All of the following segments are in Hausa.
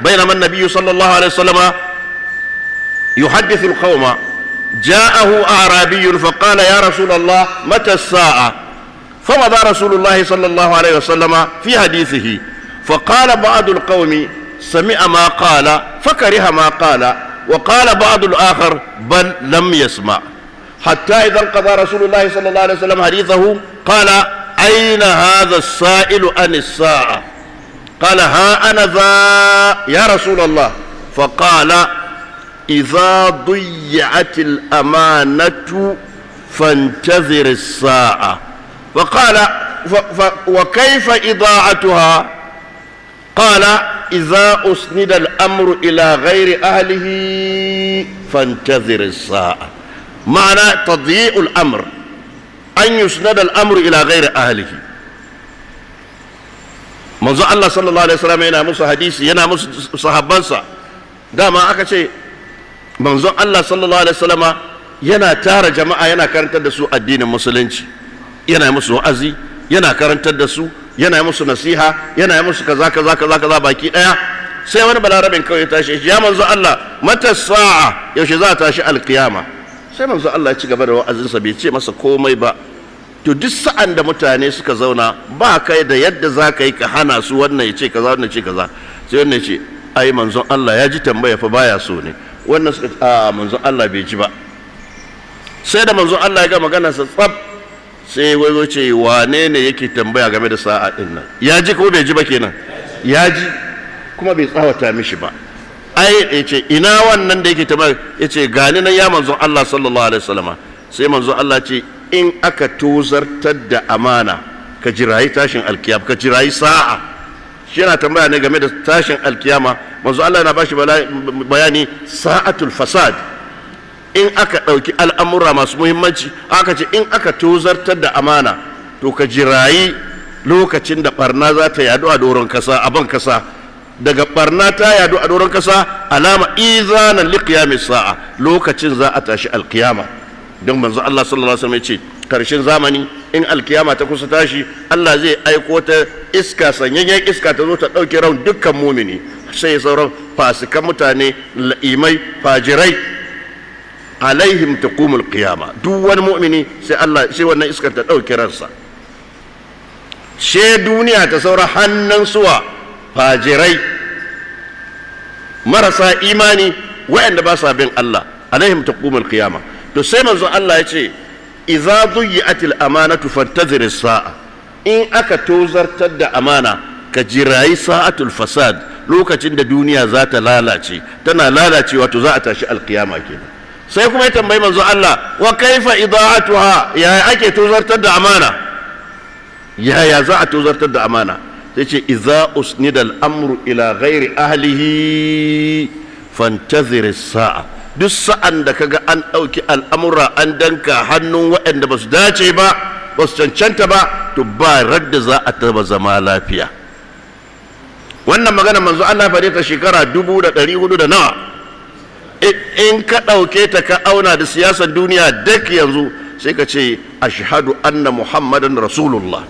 بينما النبي صلى الله عليه وسلم يحدث القوم جاءه أعرابي فقال يا رسول الله متى الساعة فمضى رسول الله صلى الله عليه وسلم في حديثه فقال بعض القوم سمع ما قال فكره ما قال وقال بعض الآخر بل لم يسمع حتى إذا انقضى رسول الله صلى الله عليه وسلم حديثه قال أين هذا السائل عن الساعة قال ها أنا ذا يا رسول الله فقال إذا ضيعت الأمانة فانتظر الساعة فقال وكيف إضاعتها قال إذا أسند الأمر إلى غير أهله فانتظر الساعة معنى تضييع الأمر أن يسند الأمر إلى غير أهله manzo Allah sallallahu alaihi wasallam yana musu hadisi yana musu sahabbansa dama aka ce manzon Allah sallallahu alaihi wasallama yana tara jama'a yana karantar da su addinin musulunci yana musu wa'azi yana karantar da su yana musu nasiha yana musu kaza kaza kaza kaza baki daya sai wani balarabin kawai tashi ya manzo Allah mata sa'a yaushe za ta tashi alkiyama sai manzo Allah ya ci gaba da wa'azinsa bai ce masa komai ba to duk sa'an da mutane suka zauna ba kai da yadda za ka yi ka hana su wannan ya ce kaza wannan ya ce kaza sai wannan ya ce ai manzon Allah ya ji tambaya fa baya so ne wannan suka a manzon Allah bai ji ba sai da manzon Allah ya ga magana sa tsab sai wai zo ce wane ne yake tambaya game da sa'a din nan ya ji ko bai ji ba kenan ya ji kuma bai tsawata mishi ba ai ya ce ina wannan da yake tambaya ya ce gani nan ya manzon Allah sallallahu alaihi wasallama sai manzon Allah ce in aka tozartar da amana ka jirayi tashin alkiyama ka jirayi sa'a shi yana tambaya ne game da tashin alkiyama manzo Allah na bashi bayani sa'atul fasad in aka ɗauki al'amura masu muhimmanci aka ce in aka tozartar da amana to ka jirayi lokacin da barna za ta yadu a doron kasa a ban kasa daga barna ta yadu a doron kasa alama izanan liqiyamis sa'a lokacin za a tashi alkiyama don manzo Allah sallallahu alaihi wasallam ya ce karshen zamani in alkiyama ta kusa tashi Allah zai aiko ta iska sanyayyen iska ta zo ta dauke raun dukkan mumini sai sauran fasikan mutane la'imai fajirai alaihim taqumul qiyama duk wani mu'mini sai Allah sai wannan iskar ta dauke ransa she duniya ta saura hannun suwa fajirai marasa imani waɗanda ba sa bin Allah alaihim taqumul qiyama to sai manzo Allah ya ce idza dhuyyatil amanatu fantazir sa'a in aka tozartar da amana ka jirayi sa'atul fasad lokacin da duniya za ta lalace tana lalacewa to za a tashi alkiyama kenan sai kuma ya tambayi manzo Allah wa kaifa idaatuha ya ake tozartar da amana ya za a tozartar da amana sai ce iza usnidal amru ila ghairi ahlihi fantazir sa'a duk sa'an da kaga an ɗauki al'amura an danka hannun waɗanda ba su dace ba ba su cancanta ba to ba radda za a taba zama lafiya wannan magana manzo Allah fare ta shekara dubu da ɗari hudu da nawa in ka ɗauke ta ka auna da siyasar duniya duk yanzu sai ka ce ashhadu anna muhammadan rasulullah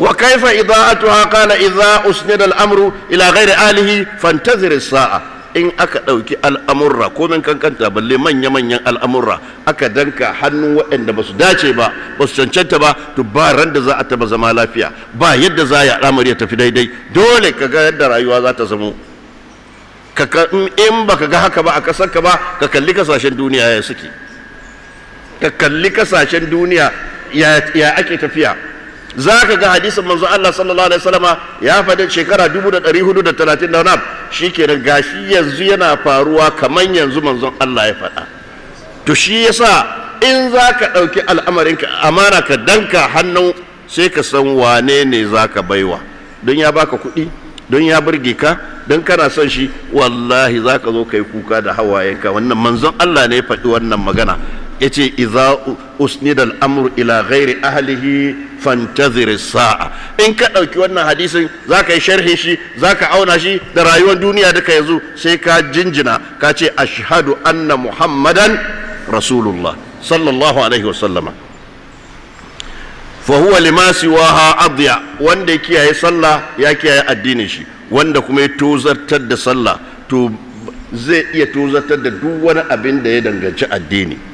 وكيف إضاءتها قال إذا أسند ila إلى غير آله فانتظر sa'a. in aka ɗauki al'amurra komin kankanta balle manya-manyan al'amurra aka danka hannu waɗanda ba su dace ba ba su cancanta ba to ba ran da za a taba zama lafiya ba yadda za a yi al'amari ya tafi daidai dole ka ga yadda rayuwa za ta zamo in ba ka ga haka ba a kasar ka ba ka kalli kasashen duniya ya suke ka kalli kasashen duniya ya ake tafiya za ka ga hadisin manzo Allah sallallahu alaihi wasallama ya faɗi shekara 1430 da shikenan gashi yanzu yana faruwa kamar yanzu manzon Allah ya faɗa to shi yasa in za ka ɗauki al'amarinka amana ka danka hannu sai ka san wane ne za ka baiwa don ya baka kuɗi don ya burge ka don kana son shi wallahi za ka zo ka yi kuka da hawayenka wannan manzon Allah ne ya faɗi wannan magana Ya ce iza usnidal amru ila ghairi ahlihi fantazir sa'a in ka ɗauki wannan hadisin za ka yi sharhin shi za ka auna shi da rayuwar duniya duka yanzu sai ka jinjina ka ce ashhadu anna muhammadan rasulullah sallallahu alaihi wa sallama fa wa lima siwaha adya wanda kiyaye sallah ya kiyaye addinin shi wanda kuma ya tozartar da sallah to zai iya tozartar da duk wani abin da ya danganci addini